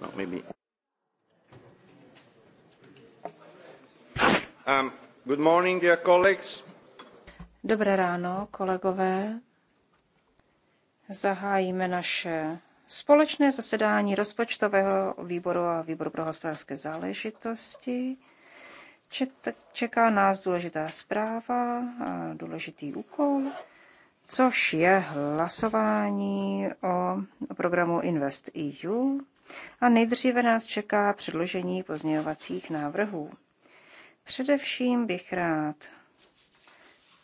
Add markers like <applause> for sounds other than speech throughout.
Not maybe. Um, good morning, dear colleagues. Dobré ráno, kolegové. Zahájíme naše společné zasedání rozpočtového výboru a výboru pro hospodářské záležitosti. Čeká nás důležitá zpráva a důležitý úkol, což je hlasování o programu Invest EU a nejdříve nás čeká předložení pozměňovacích návrhů. Především bych rád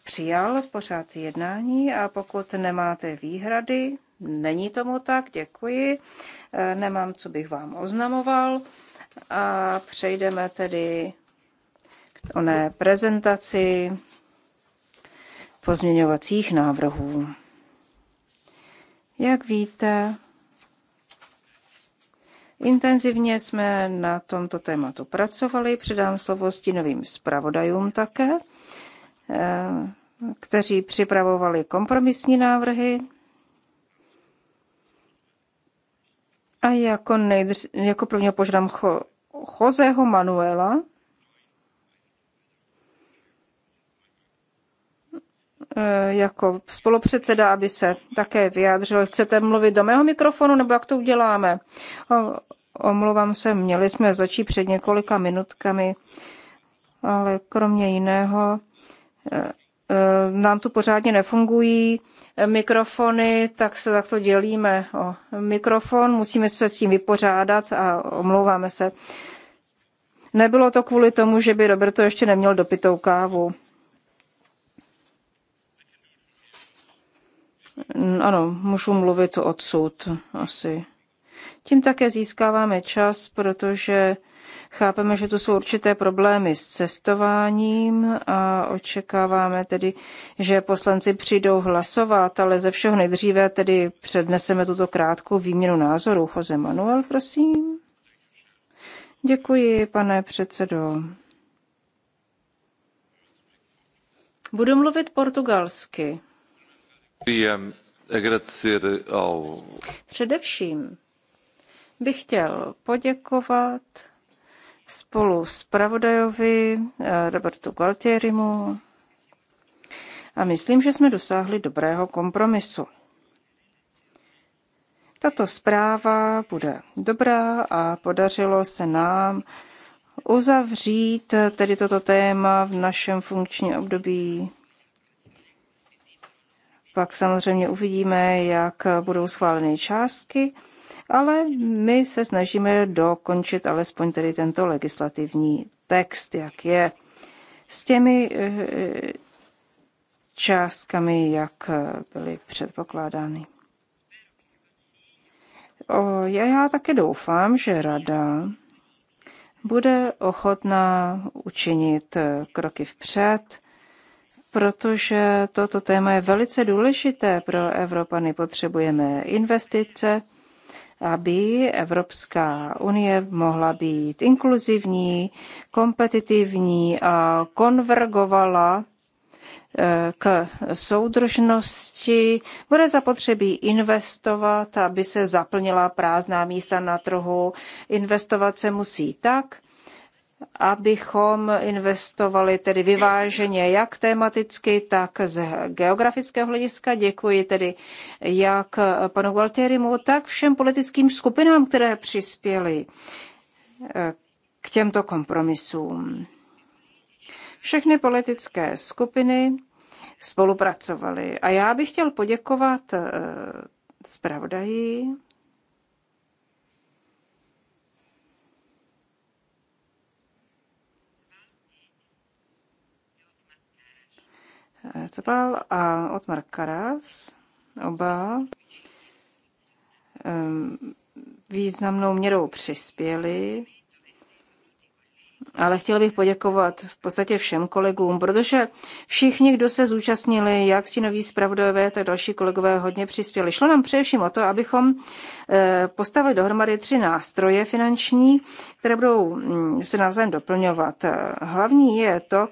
přijal pořád jednání a pokud nemáte výhrady, není tomu tak, děkuji, e, nemám, co bych vám oznamoval a přejdeme tedy k oné prezentaci pozměňovacích návrhů. Jak víte, Intenzivně jsme na tomto tématu pracovali. Předám slovo novým zpravodajům také, eh, kteří připravovali kompromisní návrhy. A jako, nejdř, jako prvního požádám jo, Joseho Manuela, eh, jako spolupředseda, aby se také vyjádřil. Chcete mluvit do mého mikrofonu, nebo jak to uděláme? Omlouvám se, měli jsme začít před několika minutkami, ale kromě jiného eh, eh, nám tu pořádně nefungují mikrofony, tak se takto dělíme o mikrofon, musíme se s tím vypořádat a omlouváme se. Nebylo to kvůli tomu, že by Roberto ještě neměl dopitou kávu. Ano, můžu mluvit odsud asi. Tím také získáváme čas, protože chápeme, že tu jsou určité problémy s cestováním a očekáváme tedy, že poslanci přijdou hlasovat, ale ze všeho nejdříve tedy předneseme tuto krátkou výměnu názorů. Jose Manuel, prosím. Děkuji, pane předsedo. Budu mluvit portugalsky. Především bych chtěl poděkovat spolu s pravodajovi eh, Robertu Galtierimu a myslím, že jsme dosáhli dobrého kompromisu. Tato zpráva bude dobrá a podařilo se nám uzavřít eh, tedy toto téma v našem funkčním období. Pak samozřejmě uvidíme, jak budou schváleny částky ale my se snažíme dokončit alespoň tedy tento legislativní text, jak je s těmi eh, částkami, jak eh, byly předpokládány. O, já, já také doufám, že rada bude ochotná učinit eh, kroky vpřed, protože toto téma je velice důležité pro Evropany. Potřebujeme investice, aby Evropská unie mohla být inkluzivní, kompetitivní a konvergovala eh, k soudržnosti. Bude zapotřebí investovat, aby se zaplnila prázdná místa na trhu. Investovat se musí tak, abychom investovali tedy vyváženě jak tematicky, tak z geografického hlediska. Děkuji tedy jak panu Gualtierimu, tak všem politickým skupinám, které přispěly eh, k těmto kompromisům. Všechny politické skupiny spolupracovaly a já bych chtěl poděkovat eh, zpravodaji Cepal a Otmar Karas, oba významnou měrou přispěli, ale chtěl bych poděkovat v podstatě všem kolegům, protože všichni, kdo se zúčastnili, jak si noví zpravodajové, tak další kolegové hodně přispěli. Šlo nám především o to, abychom eh, postavili dohromady tři nástroje finanční, které budou mm, se navzájem doplňovat. Eh, hlavní je to,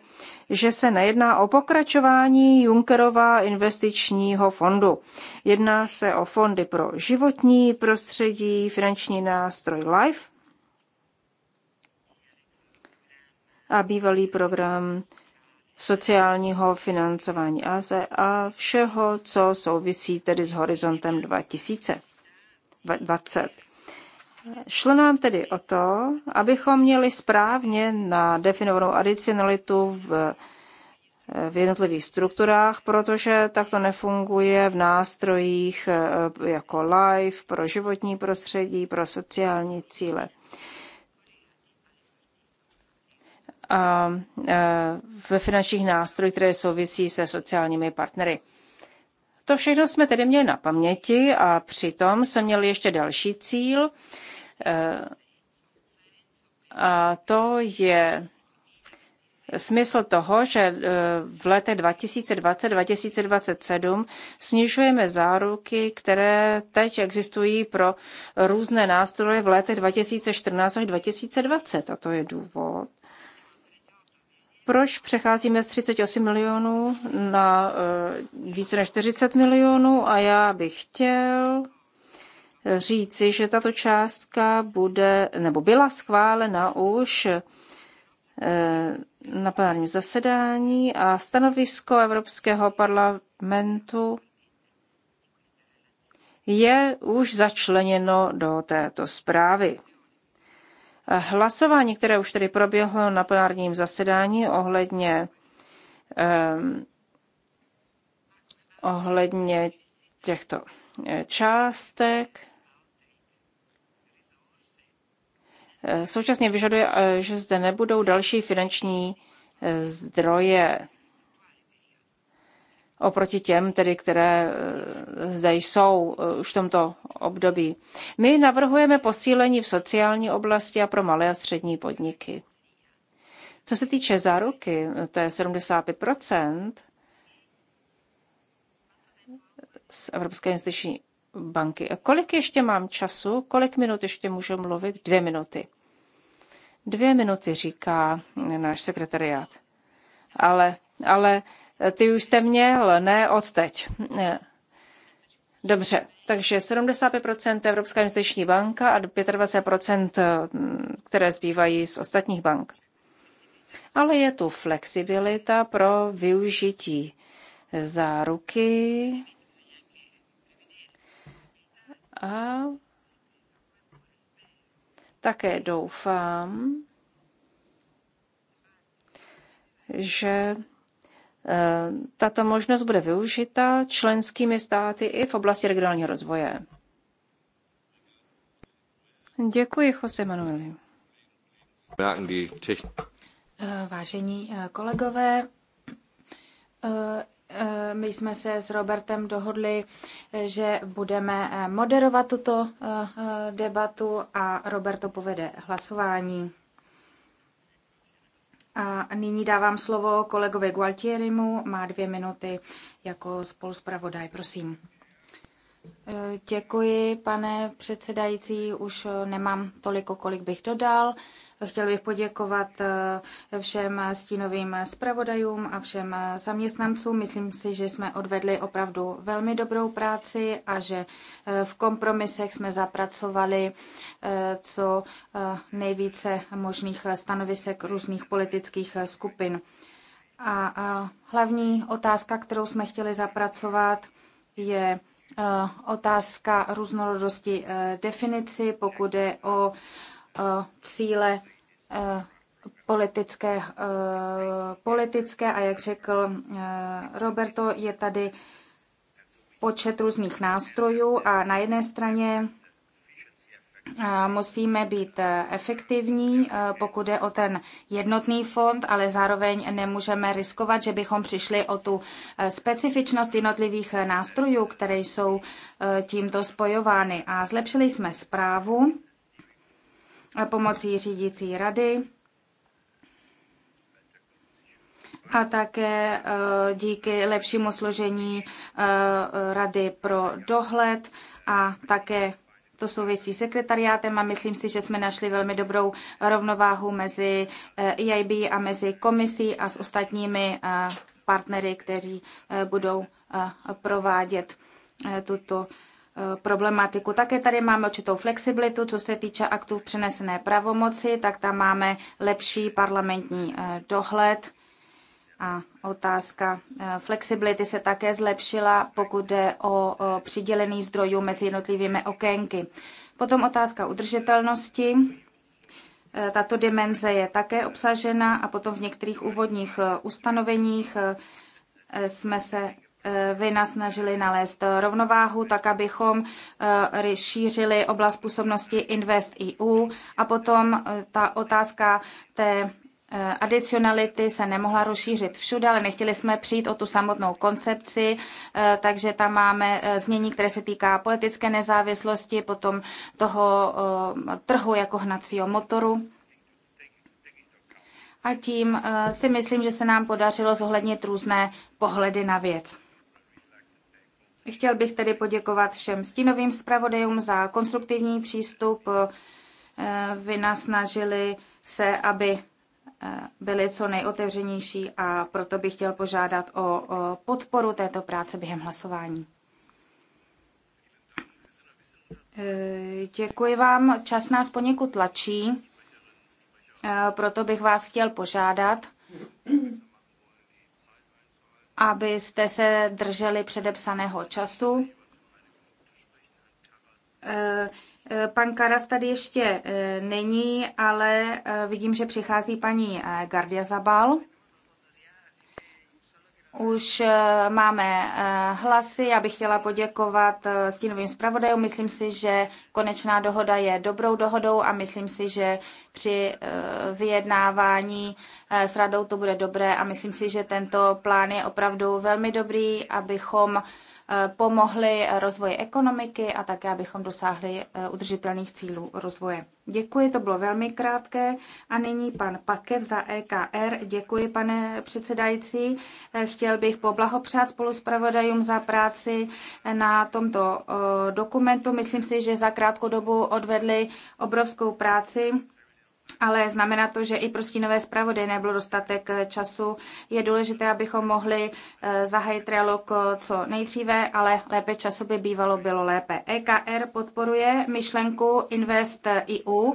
že se nejedná o pokračování Junckerova investičního fondu. Jedná se o fondy pro životní prostředí, finanční nástroj LIFE a bývalý program sociálního financování AZE a všeho, co souvisí tedy s horizontem 2020. Šlo nám tedy o to, abychom měli správně na definovanou adicionalitu v, v jednotlivých strukturách, protože tak to nefunguje v nástrojích e, jako live pro životní prostředí, pro sociální cíle. A e, ve finančních nástrojích, které souvisí se sociálními partnery. To všechno jsme tedy měli na paměti a přitom jsme měli ještě další cíl, a to je smysl toho, že e, v letech 2020-2027 snižujeme záruky, které teď existují pro různé nástroje v letech 2014 až 2020. A to je důvod, proč přecházíme z 38 milionů na e, více než 40 milionů a já bych chtěl říci, že tato částka bude, nebo byla schválena už eh, na plánu zasedání a stanovisko Evropského parlamentu je už začleněno do této zprávy. Hlasování, které už tedy proběhlo na plenárním zasedání ohledně, eh, ohledně těchto eh, částek, Eh, současně vyžaduje, eh, že zde nebudou další finanční eh, zdroje oproti těm, tedy, které zde jsou už v tomto období. My navrhujeme posílení v sociální oblasti a pro malé a střední podniky. Co se týče záruky, to je 75 z Evropské investiční banky. A kolik ještě mám času? Kolik minut ještě můžu mluvit? Dvě minuty. Dvě minuty, říká náš sekretariát. Ale, ale ty už jste měl, ne od teď. Ne. Dobře, takže 75% Evropská investiční banka a 25%, které zbývají z ostatních bank. Ale je tu flexibilita pro využití záruky a také doufám, že eh, tato možnost bude využita členskými státy i v oblasti regionálního rozvoje. Děkuji, Jose Manueli. Vážení eh, kolegové, eh, Eh, my jsme se s Robertem dohodli, eh, že budeme eh, moderovat tuto debatu a Roberto povede hlasování. A nyní dávám slovo kolegovi Gualtierimu, má dvě minuty jako spoluzpravodaj, prosím. Eh, děkuji, pane předsedající. Už eh, nemám toliko, kolik bych dodal. Chtěl bych poděkovat eh, všem stínovým zpravodajům a všem zaměstnancům. Myslím si, že jsme odvedli opravdu velmi dobrou práci a že v kompromisech jsme zapracovali co nejvíce možných stanovisek různých politických skupin. A hlavní otázka, kterou jsme chtěli zapracovat, je, Eh, otázka různorodosti eh, definici, pokud je o eh, cíle politické, politické a jak řekl Roberto, je tady počet různých nástrojů a na jedné straně musíme být e, efektivní, e, pokud je o ten jednotný fond, ale zároveň nemůžeme riskovat, že bychom přišli o tu e, specifičnost jednotlivých nástrojů, které jsou tímto spojovány. A zlepšili jsme zprávu pomocí řídící rady a také díky lepšímu složení rady pro dohled a také to souvisí sekretariátem a myslím si, že jsme našli velmi dobrou rovnováhu mezi EIB eh, e a mezi komisí a s ostatními eh, partnery, kteří eh, budou provádět tuto problematiku. Také tady máme určitou flexibilitu, co se týče aktů v přenesené pravomoci, tak tam máme lepší parlamentní dohled a otázka eh, flexibility se také zlepšila, pokud jde o přidělený zdrojů mezi jednotlivými okénky. Potom otázka udržitelnosti. Eh, tato dimenze je také obsažena a potom v některých úvodních eh, ustanoveních jsme se vina snažili nalézt rovnováhu, tak abychom šířili oblast působnosti Invest EU a potom ta otázka té Eh, adicionality se nemohla rozšířit všude, ale nechtěli jsme přijít o tu samotnou koncepci, eh, takže tam máme eh, znění, které se týká politické nezávislosti, potom toho trhu jako hnacího motoru. A tím si myslím, že se nám podařilo zohlednit různé pohledy na věc. Chtěl bych tedy poděkovat všem stínovým zpravodajům za konstruktivní přístup. Vynasnažili se, aby byli co nejotevřenější a proto bych chtěl požádat o podporu této práce během hlasování. E, děkuji vám. Čas nás poněkud tlačí, e, proto bych vás chtěl požádat, abyste se drželi předepsaného času. E, Eh, pan Karas tady ještě eh, není, ale eh, vidím, že přichází paní Gardia Zabal. Už máme hlasy, já bych chtěla poděkovat stínovým zpravodajům. Myslím si, že konečná dohoda je dobrou dohodou a myslím si, že při vyjednávání s radou to bude dobré a myslím si, že tento plán je opravdu velmi dobrý, abychom Eh, pomohly rozvoji ekonomiky a také, abychom dosáhli eh, udržitelných cílů rozvoje. Děkuji, to bylo velmi krátké. A nyní pan Paket za EKR. Děkuji, pane předsedající. Eh, chtěl bych poblahopřát spoluspravodajům za práci na tomto dokumentu. Myslím si, že za krátkou dobu odvedli obrovskou práci ale znamená to, že i pro stínové zpravodaje nebyl dostatek eh, času. Je důležité, abychom mohli eh, zahájit trialog eh, co nejdříve, ale lépe času by bývalo bylo lépe. EKR podporuje myšlenku Invest EU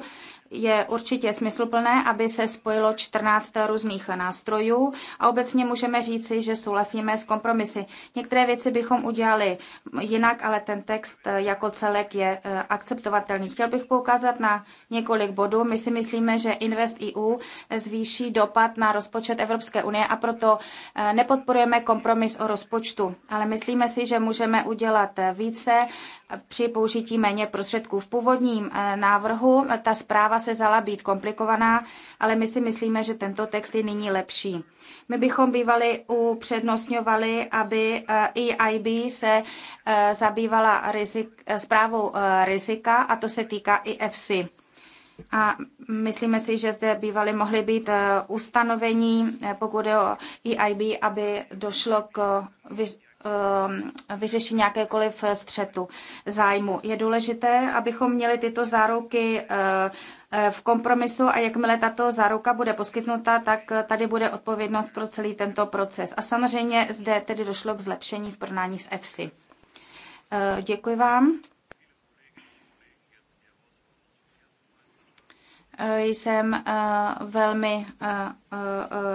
je určitě smysluplné, aby se spojilo 14 různých nástrojů a obecně můžeme říci, že souhlasíme s kompromisy. Některé věci bychom udělali jinak, ale ten text jako celek je e, akceptovatelný. Chtěl bych poukázat na několik bodů. My si myslíme, že Invest EU zvýší dopad na rozpočet Evropské unie a proto e, nepodporujeme kompromis o rozpočtu, ale myslíme si, že můžeme udělat více při použití méně prostředků. V původním e, návrhu ta zpráva se zala být komplikovaná, ale my si myslíme, že tento text je nyní lepší. My bychom bývali upřednostňovali, aby EIB eh, e se eh, zabývala rizik, eh, zprávou rizika a to se týká i EFSI. A myslíme si, že zde bývaly mohly být ustanovení, pokud je o EIB, aby došlo k vyřešit nějakékoliv střetu zájmu. Je důležité, abychom měli tyto záruky Eh, v kompromisu a jakmile tato záruka bude poskytnuta, tak eh, tady bude odpovědnost pro celý tento proces. A samozřejmě zde tedy došlo k zlepšení v porovnání s EFSI. Eh, děkuji vám. Jsem velmi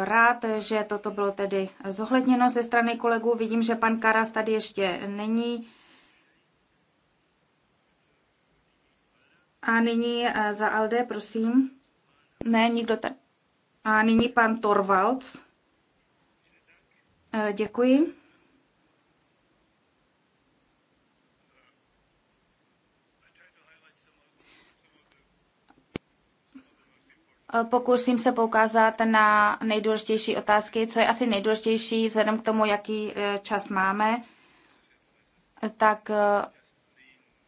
rád, že toto bylo tedy zohledněno ze strany kolegů. Vidím, že pan Karas tady ještě není. A nyní eh, za Alde, prosím. Ne, nikdo tak. A nyní pan Torvalds. Eh, děkuji. Eh, pokusím se poukázat na nejdůležitější otázky, co je asi nejdůležitější vzhledem k tomu, jaký čas máme. Tak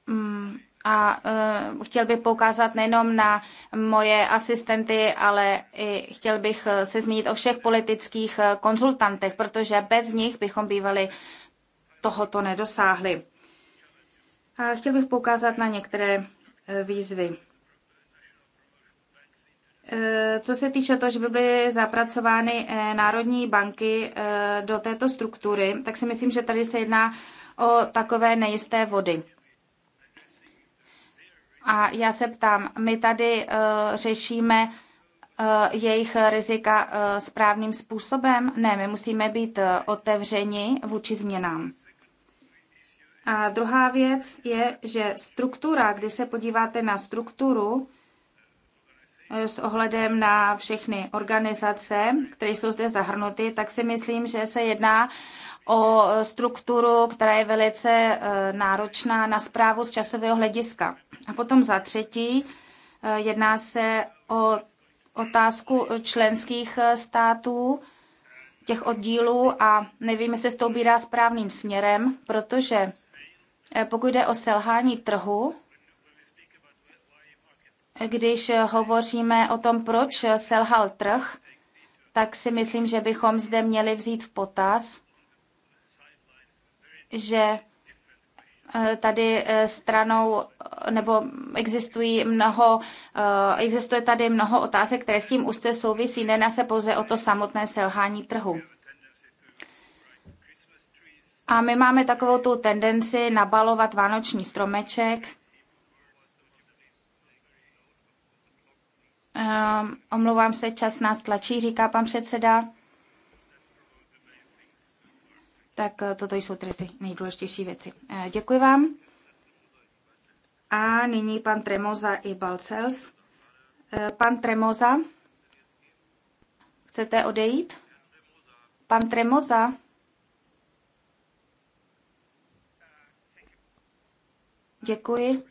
mm, a uh, chtěl bych poukázat nejenom na moje asistenty, ale i chtěl bych eh, se zmínit o všech politických eh, konzultantech, protože bez nich bychom bývali tohoto nedosáhli. A chtěl bych poukázat na některé výzvy. Co se týče toho, že by byly zapracovány národní banky do této struktury, tak si myslím, že tady se jedná o takové nejisté vody. A já se ptám, my tady uh, řešíme uh, jejich rizika uh, správným způsobem? Ne, my musíme být uh, otevřeni vůči změnám. A druhá věc je, že struktura, když se podíváte na strukturu s ohledem na všechny organizace, které jsou zde zahrnuty, tak si myslím, že se jedná o strukturu, která je velice náročná na zprávu z časového hlediska. A potom za třetí, eh, jedná se o otázku členských eh, států, těch oddílů a nevím, jestli se to ubírá správným směrem, protože eh, pokud jde o selhání trhu, když hovoříme o tom, proč selhal trh, tak si myslím, že bychom zde měli vzít v potaz, že Eh, tady eh, stranou, eh, nebo existují mnoho, existuje tady mnoho otázek, které s tím úzce souvisí, nená se pouze o to samotné selhání trhu. A my máme takovou tu tendenci nabalovat vánoční stromeček. Um, omlouvám se, čas nás tlačí, říká pan předseda tak eh, toto jsou tedy ty nejdůležitější věci. Eh, děkuji vám. A nyní pan Tremoza i Balcels. Eh, pan Tremoza, chcete odejít? Pan Tremoza. Děkuji.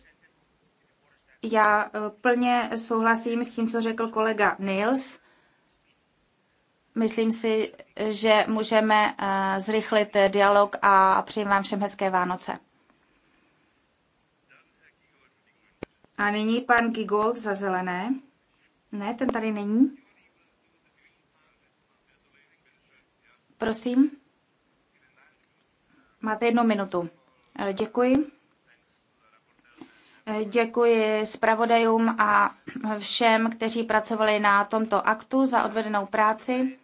Já plně souhlasím s tím, co řekl kolega Nils. Myslím si, že můžeme eh, zrychlit dialog a přeji vám všem hezké Vánoce. A nyní pan Gigold za zelené. Ne, ten tady není. Prosím. Máte jednu minutu. Eh, děkuji. Eh, děkuji zpravodajům a všem, kteří pracovali na tomto aktu za odvedenou práci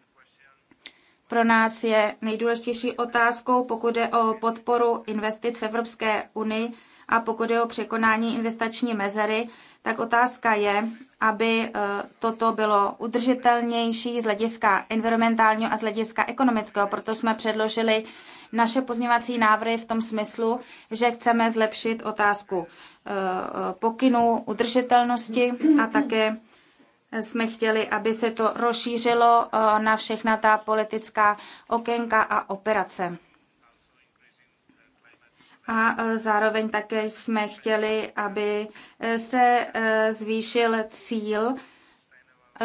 pro nás je nejdůležitější otázkou, pokud je o podporu investic v Evropské unii a pokud je o překonání investační mezery, tak otázka je, aby e, toto bylo udržitelnější z hlediska environmentálního a z hlediska ekonomického. Proto jsme předložili naše pozměvací návrhy v tom smyslu, že chceme zlepšit otázku e, e, pokynů udržitelnosti a také jsme chtěli, aby se to rozšířilo eh, na všechna ta politická okénka a operace. A eh, zároveň také jsme chtěli, aby eh, se zvýšil cíl,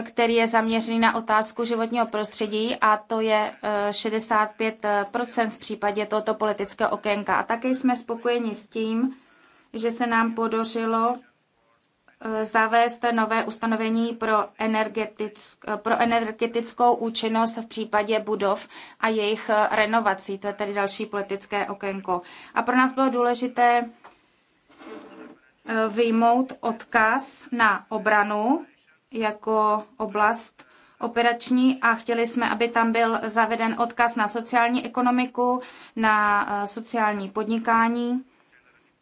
který je zaměřený na otázku životního prostředí a to je 65 v případě tohoto politického okénka. A také jsme spokojeni s tím, že se nám podařilo Eh, zavést nové ustanovení pro, energetick, eh, pro energetickou účinnost v případě budov a jejich eh, renovací. To je tedy další politické okénko. A pro nás bylo důležité vyjmout odkaz na obranu jako oblast operační a chtěli jsme, aby tam byl zaveden odkaz na sociální ekonomiku, na sociální podnikání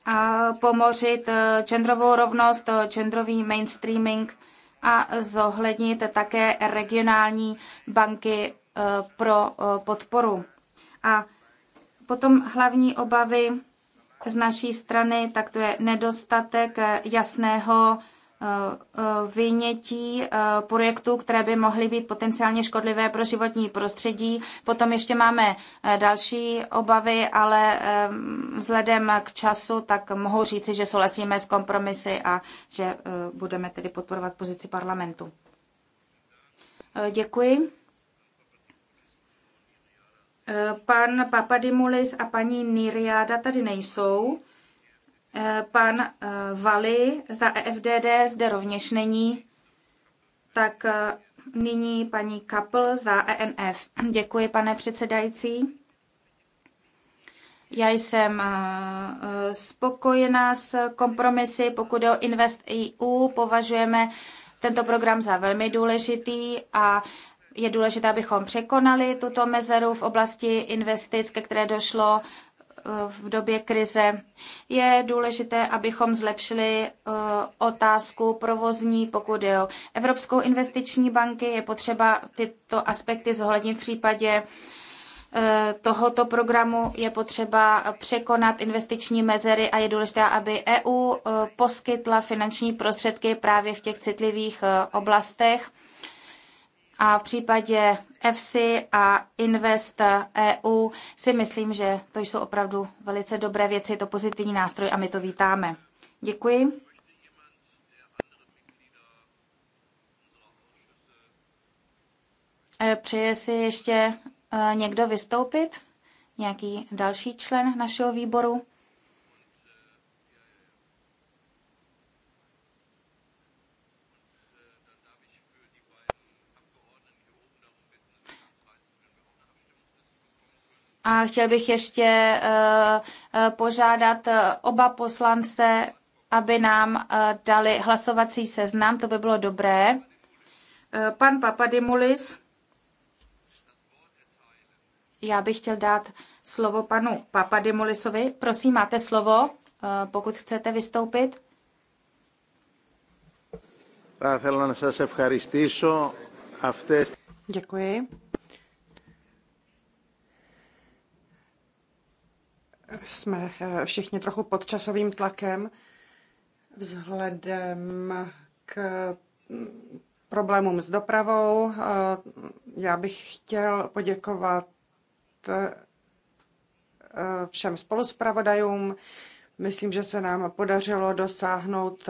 a pomořit genderovou eh, rovnost, genderový eh, mainstreaming a zohlednit také regionální banky eh, pro podporu. A potom hlavní obavy z naší strany, tak to je nedostatek jasného vynětí eh, projektů, které by mohly být potenciálně škodlivé pro životní prostředí. Potom ještě máme eh, další obavy, ale eh, vzhledem k času, tak mohu říci, že souhlasíme s kompromisy a že budeme tedy podporovat pozici parlamentu. Děkuji. Pan Papadimulis a paní Niriáda tady nejsou. Eh, pan eh, Vali za EFDD zde rovněž není, tak eh, nyní paní Kapl za ENF. <clears throat> Děkuji, pane předsedající. Já jsem spokojená s kompromisy. Pokud o Invest EU, považujeme tento program za velmi důležitý a je důležité, abychom překonali tuto mezeru v oblasti investic, ke které došlo v době krize. Je důležité, abychom zlepšili eh, otázku provozní, pokud je o Evropskou investiční banky. Je potřeba tyto aspekty zohlednit v případě eh, tohoto programu je potřeba překonat investiční mezery a je důležité, aby EU eh, poskytla finanční prostředky právě v těch citlivých oblastech. A v případě EFSI a Invest EU si myslím, že to jsou opravdu velice dobré věci, je to pozitivní nástroj a my to vítáme. Děkuji. E, přeje si ještě e, někdo vystoupit? Nějaký další člen našeho výboru? A chtěl bych ještě eh, eh, požádat eh, oba poslance, aby nám dali hlasovací seznam, to by bylo dobré. Pan Papadimulis, já bych chtěl dát slovo panu Papadimulisovi. Prosím, máte slovo, pokud chcete vystoupit. Děkuji. jsme eh, všichni trochu pod časovým tlakem vzhledem k mm, problémům s dopravou. Eh, já bych chtěl poděkovat eh, všem spoluspravodajům. Myslím, že se nám podařilo dosáhnout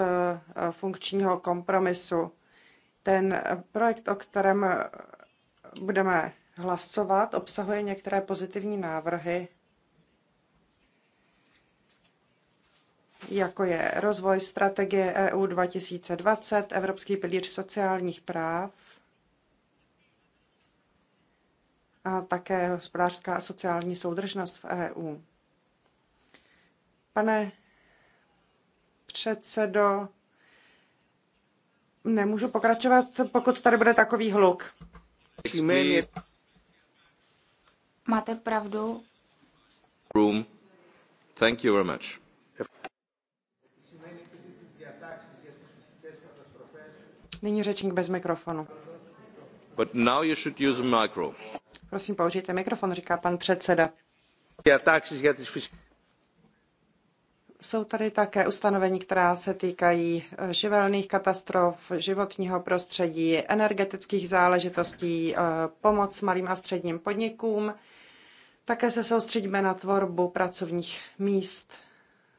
funkčního kompromisu. Ten projekt, o kterém budeme hlasovat, obsahuje některé pozitivní návrhy, jako je rozvoj strategie EU 2020, Evropský pilíř sociálních práv a také hospodářská a sociální soudržnost v EU. Pane předsedo, nemůžu pokračovat, pokud tady bude takový hluk. Máte pravdu. Room. Thank you very much. Nyní řečník bez mikrofonu. But now you should use a micro. Prosím, použijte mikrofon, říká pan předseda. Jsou tady také ustanovení, která se týkají eh, živelných katastrof, životního prostředí, energetických záležitostí, eh, pomoc malým a středním podnikům. Také se soustředíme na tvorbu pracovních míst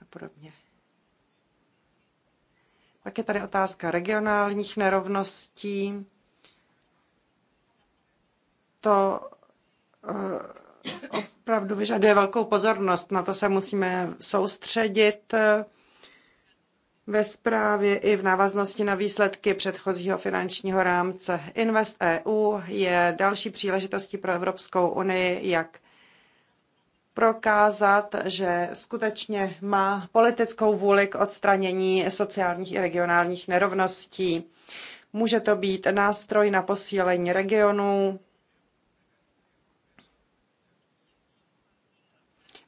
a podobně. Pak je tady otázka regionálních nerovností. To eh, opravdu vyžaduje velkou pozornost, na to se musíme soustředit eh, ve zprávě i v návaznosti na výsledky předchozího finančního rámce. Invest EU je další příležitostí pro Evropskou unii, jak prokázat, že skutečně má politickou vůli k odstranění sociálních i regionálních nerovností. Může to být nástroj na posílení regionů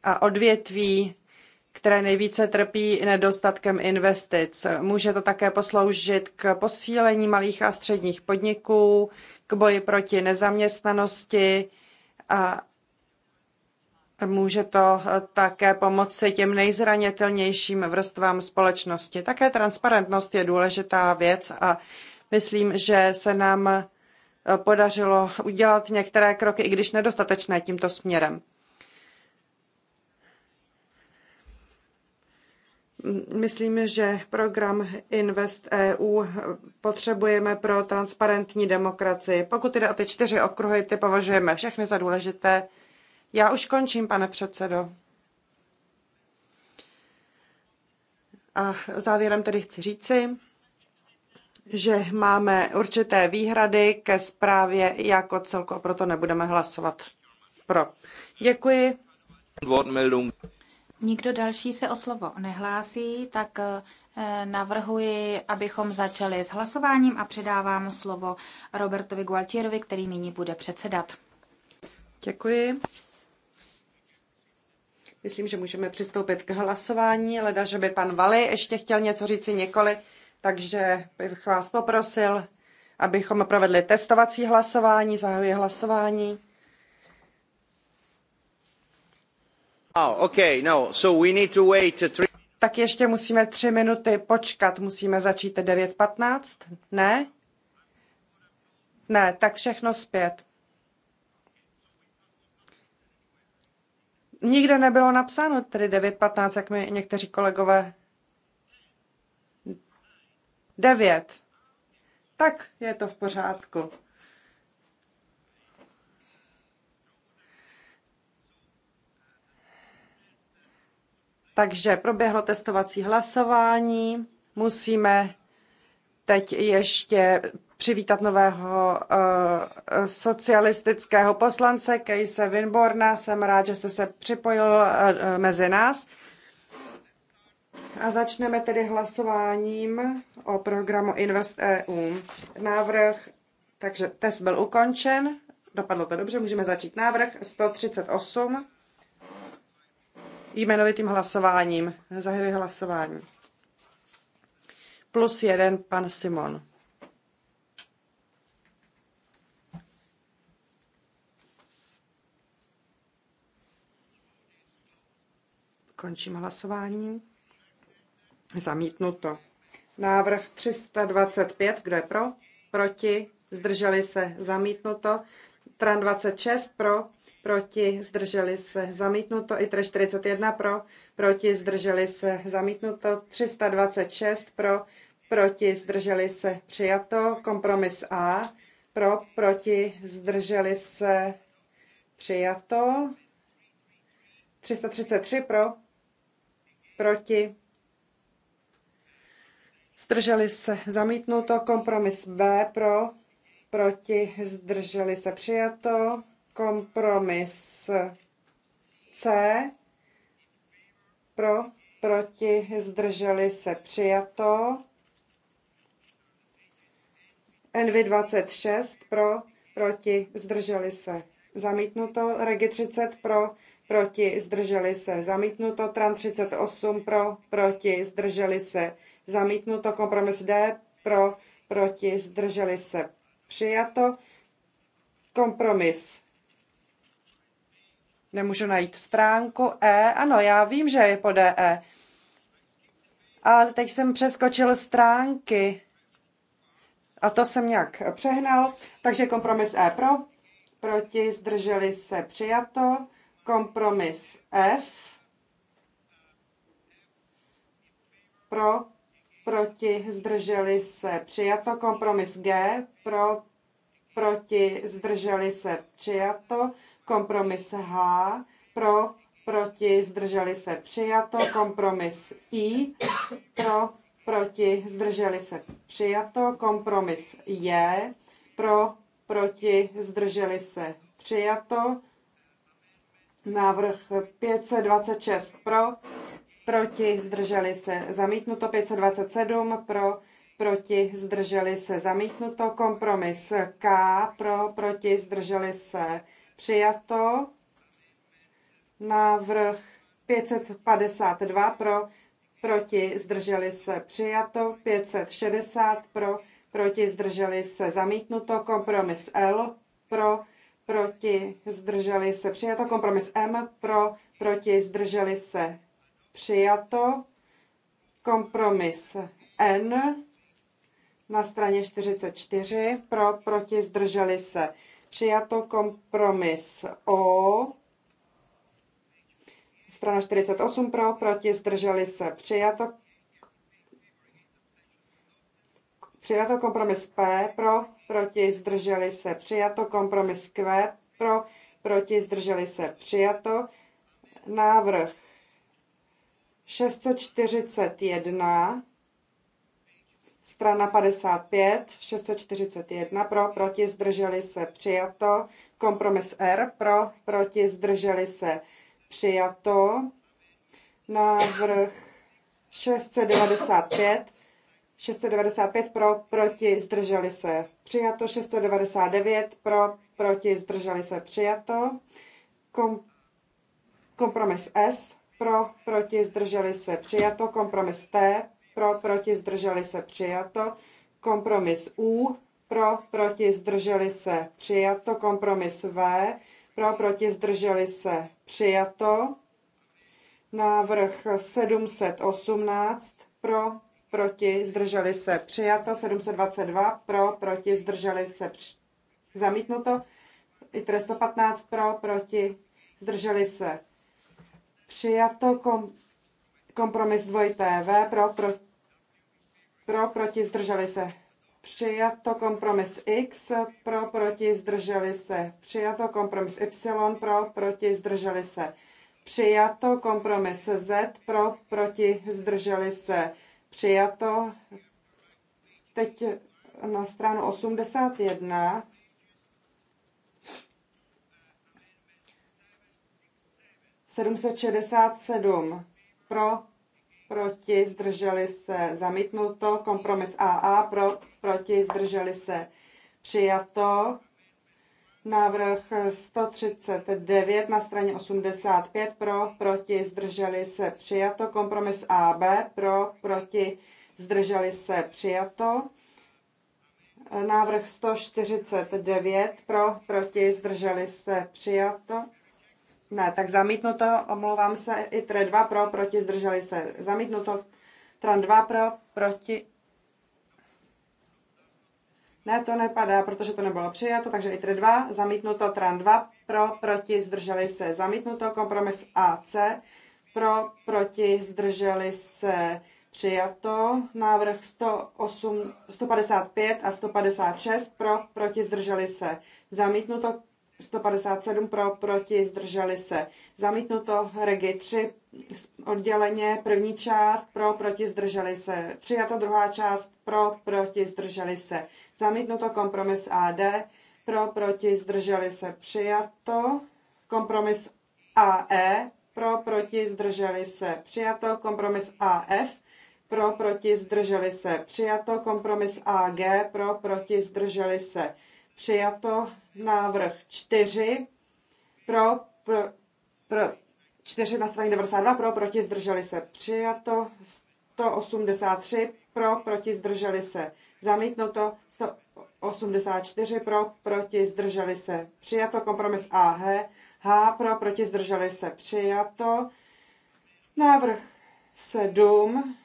a odvětví, které nejvíce trpí nedostatkem investic. Může to také posloužit k posílení malých a středních podniků, k boji proti nezaměstnanosti a Může to eh, také pomoci těm nejzranitelnějším vrstvám společnosti. Také transparentnost je důležitá věc a myslím, že se nám eh, podařilo udělat některé kroky, i když nedostatečné tímto směrem. Myslím, že program Invest EU eh, potřebujeme pro transparentní demokracii. Pokud jde o ty čtyři okruhy, ty považujeme všechny za důležité. Já už končím, pane předsedo. A závěrem tedy chci říci, že máme určité výhrady ke zprávě jako celku a proto nebudeme hlasovat pro. Děkuji. Nikdo další se o slovo nehlásí, tak eh, navrhuji, abychom začali s hlasováním a předávám slovo Robertovi Gualtierovi, který nyní bude předsedat. Děkuji. Myslím, že můžeme přistoupit k hlasování, leda, že by pan Vali ještě chtěl něco říci nikoli, takže bych vás poprosil, abychom provedli testovací hlasování, zahajuji hlasování. Oh, okay, no. so we need to wait three... Tak ještě musíme tři minuty počkat, musíme začít 9.15, ne? Ne, tak všechno zpět. Nikde nebylo napsáno tedy 9.15, jak mi někteří kolegové. 9. Tak je to v pořádku. Takže proběhlo testovací hlasování. Musíme teď ještě přivítat nového uh, socialistického poslance Kejse Winborna. Jsem rád, že jste se připojil uh, mezi nás. A začneme tedy hlasováním o programu Invest EU. Návrh, takže test byl ukončen. Dopadlo to dobře, můžeme začít návrh 138 jmenovitým hlasováním. Zahajuji hlasování. Plus jeden pan Simon. Končím hlasování. Zamítnuto. Návrh 325, kdo je pro? Proti? Zdrželi se? Zamítnuto. Tran 26 pro, proti, zdrželi se, zamítnuto. ITRE 41 pro, proti, zdrželi se, zamítnuto. 326 pro, proti, zdrželi se, přijato. Kompromis A pro, proti, zdrželi se, přijato. 333 pro, proti, zdrželi se zamítnuto, kompromis B pro, proti, zdrželi se přijato, kompromis C pro, proti, zdrželi se přijato, NV26 pro, proti, zdrželi se zamítnuto, Regi 30 pro, proti, zdrželi se, zamítnuto, tran 38 pro, proti, zdrželi se, zamítnuto, kompromis D pro, proti, zdrželi se, přijato, kompromis. Nemůžu najít stránku E, ano, já vím, že je po DE, ale teď jsem přeskočil stránky a to jsem nějak přehnal, takže kompromis E pro, proti, zdrželi se, přijato, Kompromis F. Pro, proti, zdrželi se přijato. Kompromis G. Pro, proti, zdrželi se přijato. Kompromis H. Pro, proti, zdrželi se přijato. Kompromis I. Pro, proti, zdrželi se přijato. Kompromis J. Pro, proti, zdrželi se přijato. Návrh 526 pro, proti, zdrželi se zamítnuto, 527 pro, proti, zdrželi se zamítnuto, kompromis K pro, proti, zdrželi se přijato, návrh 552 pro, proti, zdrželi se přijato, 560 pro, proti, zdrželi se zamítnuto, kompromis L pro, proti, zdrželi se přijato. Kompromis M pro, proti, zdrželi se přijato. Kompromis N na straně 44 pro, proti, zdrželi se přijato. Kompromis O strana 48 pro, proti, zdrželi se přijato. Přijato kompromis P pro, proti, zdrželi se. Přijato kompromis Q pro, proti, zdrželi se. Přijato návrh 641, strana 55, 641 pro, proti, zdrželi se. Přijato kompromis R pro, proti, zdrželi se. Přijato návrh 695 695 pro, proti, zdrželi se přijato. 699 pro, proti, zdrželi se přijato. Kom, kompromis S pro, proti, zdrželi se přijato. Kompromis T pro, proti, zdrželi se přijato. Kompromis U pro, proti, zdrželi se přijato. Kompromis V pro, proti, zdrželi se přijato. Návrh 718 pro, proti, zdrželi se přijato, 722 pro, proti, zdrželi se při... zamítnuto, tresto 15, pro, proti, zdrželi se přijato, kom... kompromis 2 TV pro, pro, pro, proti, zdrželi se přijato, kompromis X pro, proti, zdrželi se přijato, kompromis Y pro, proti, zdrželi se přijato, kompromis Z pro, proti, zdrželi se Přijato teď na stranu 81. Sedmset sedm pro, proti, zdrželi se, zamítnuto, kompromis AA, pro, proti, zdrželi se, přijato, Návrh 139 na straně 85 pro, proti, zdrželi se přijato. Kompromis AB pro, proti, zdrželi se přijato. Návrh 149 pro, proti, zdrželi se přijato. Ne, tak zamítnuto, omlouvám se, i TRE 2 pro, proti, zdrželi se zamítnuto. TRAN 2 pro, proti, ne, to nepadá, protože to nebylo přijato, takže ITR 2, zamítnuto, TRAN 2, pro, proti, zdrželi se, zamítnuto, kompromis AC, pro, proti, zdrželi se, přijato, návrh 108, 155 a 156, pro, proti, zdrželi se, zamítnuto, 157 pro, proti, zdrželi se. Zamítnuto regi 3 odděleně, první část pro, proti, zdrželi se. Přijato druhá část pro, proti, zdrželi se. Zamítnuto kompromis AD, pro, proti, zdrželi se. Přijato kompromis AE, pro, proti, zdrželi se. Přijato kompromis AF, pro, proti, zdrželi se. Přijato kompromis AG, pro, proti, zdrželi se přijato. Návrh 4 pro, pro, pro 4 na straně 92 pro, proti zdrželi se přijato. 183 pro, proti zdrželi se zamítnuto. 184 pro, proti zdrželi se přijato. Kompromis AH. H pro, proti zdrželi se přijato. Návrh 7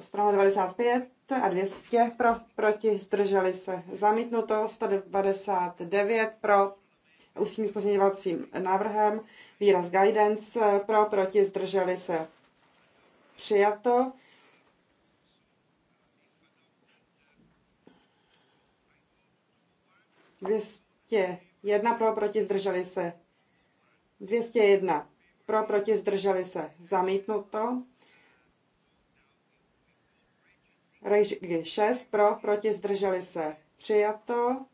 strana 95 a 200 pro, proti, zdrželi se. Zamítnuto 199 pro ústní pozměňovacím návrhem, výraz guidance pro, proti, zdrželi se. Přijato. Dvěstě jedna pro, proti, zdrželi se. 201 pro, proti, zdrželi se. Zamítnuto. Rejšky 6 pro, proti zdrželi se. Přijato.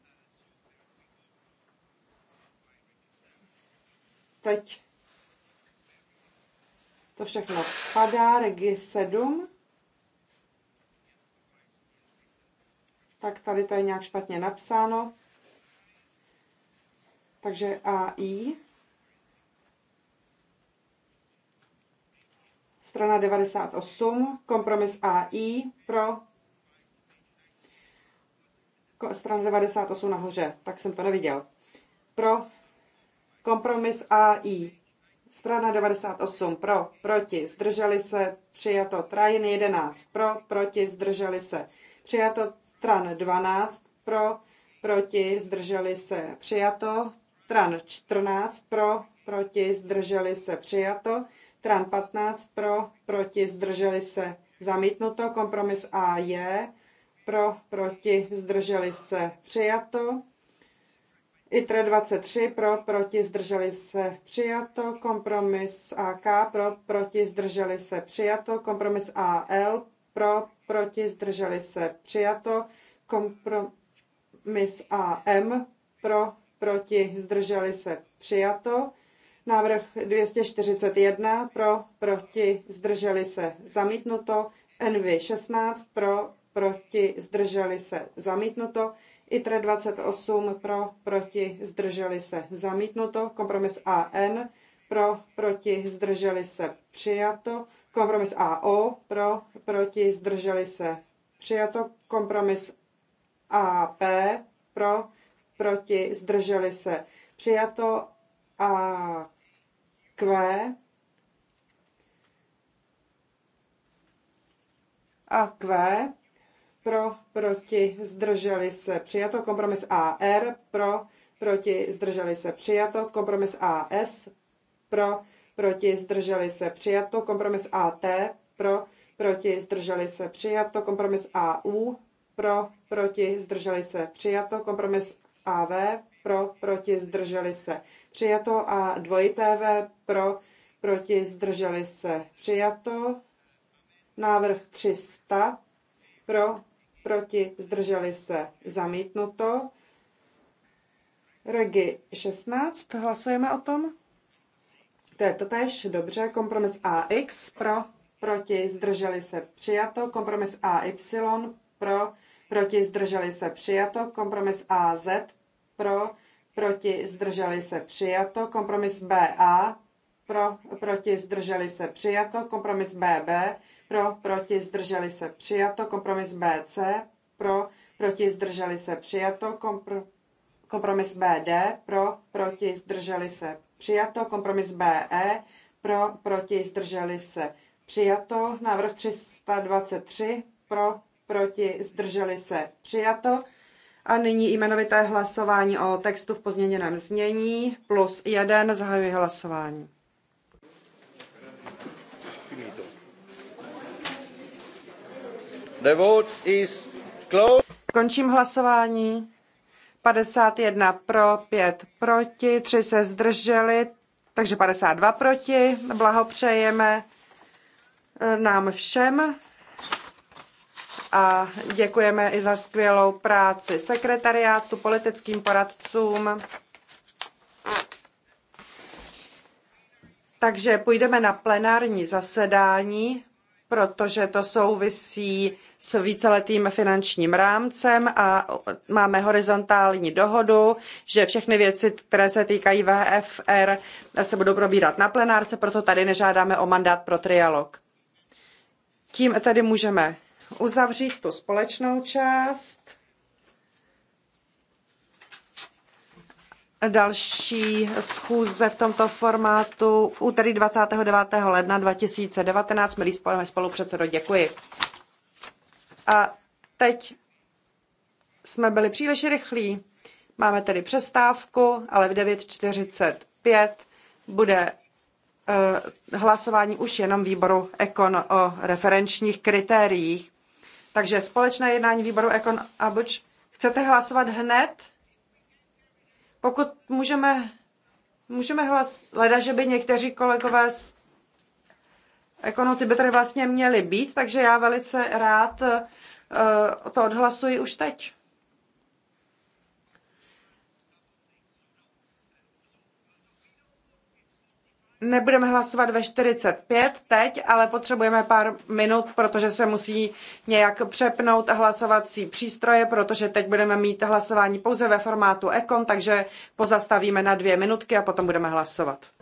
Teď to všechno padá. Regi 7. Tak tady to je nějak špatně napsáno. Takže AI strana 98, kompromis AI pro strana 98 nahoře, tak jsem to neviděl. Pro kompromis AI, strana 98 pro, proti, zdrželi se, přijato Train 11 pro, proti, zdrželi se, přijato Tran 12 pro, proti, zdrželi se, přijato Tran 14 pro, proti, zdrželi se, přijato Tran 15 pro, proti, zdrželi se. Zamítnuto. Kompromis A je pro, proti, zdrželi se. Přijato. ITRE 23 pro, proti, zdrželi se, přijato. Kompromis AK pro, proti, zdrželi se, přijato. Kompromis AL pro, proti, zdrželi se, přijato. Kompromis AM pro, proti, zdrželi se, přijato. Návrh 241 pro, proti, zdrželi se, zamítnuto. NV 16 pro, proti, zdrželi se, zamítnuto. ITRE 28 pro, proti, zdrželi se, zamítnuto. Kompromis AN pro, proti, zdrželi se, přijato. Kompromis AO pro, proti, zdrželi se, přijato. Kompromis AP pro, proti, zdrželi se, přijato a Q a Q pro, proti, zdrželi se, přijato, kompromis AR, pro, proti, zdrželi se, přijato, kompromis AS, pro, proti, zdrželi se, přijato, kompromis AT, pro, proti, zdrželi se, přijato, kompromis AU, pro, proti, zdrželi se, přijato, kompromis AV, pro, proti, zdrželi se. Přijato a dvojité V pro, proti, zdrželi se. Přijato. Návrh 300 pro, proti, zdrželi se. Zamítnuto. Regi 16, hlasujeme o tom. To je totéž, dobře. Kompromis AX pro, proti, zdrželi se. Přijato. Kompromis AY pro, proti, zdrželi se. Přijato. Kompromis AZ pro, proti, zdrželi se přijato. Kompromis BA, pro, proti, zdrželi se přijato. Kompromis BB, pro, proti, zdrželi se přijato. Kompromis BC, pro, proti, zdrželi se přijato. Kompr- kompromis BD, pro, proti, zdrželi se přijato. Kompromis BE, pro, proti, zdrželi se přijato. Návrh 323, pro, proti, zdrželi se přijato. A nyní jmenovité hlasování o textu v pozměněném znění plus jeden zahajuji hlasování. The vote is closed. Končím hlasování. 51 pro, 5 proti, 3 se zdrželi, takže 52 proti. Blahopřejeme eh, nám všem a děkujeme i za skvělou práci sekretariátu, politickým poradcům. Takže půjdeme na plenární zasedání, protože to souvisí s víceletým finančním rámcem a máme horizontální dohodu, že všechny věci, které se týkají VFR, se budou probírat na plenárce, proto tady nežádáme o mandát pro trialog. Tím tedy můžeme uzavřít tu společnou část. Další schůze v tomto formátu v úterý 29. ledna 2019. Milí spolupředsedo, děkuji. A teď jsme byli příliš rychlí. Máme tedy přestávku, ale v 9.45 bude eh, hlasování už jenom výboru Ekon o referenčních kritériích. Takže společné jednání výboru Ekon a Buč. Chcete hlasovat hned? Pokud můžeme, můžeme hlasovat, leda, že by někteří kolegové z Ekonu ty by tady vlastně měli být, takže já velice rád eh, to odhlasuji už teď. Nebudeme hlasovat ve 45 teď, ale potřebujeme pár minut, protože se musí nějak přepnout hlasovací přístroje, protože teď budeme mít hlasování pouze ve formátu Econ, takže pozastavíme na dvě minutky a potom budeme hlasovat.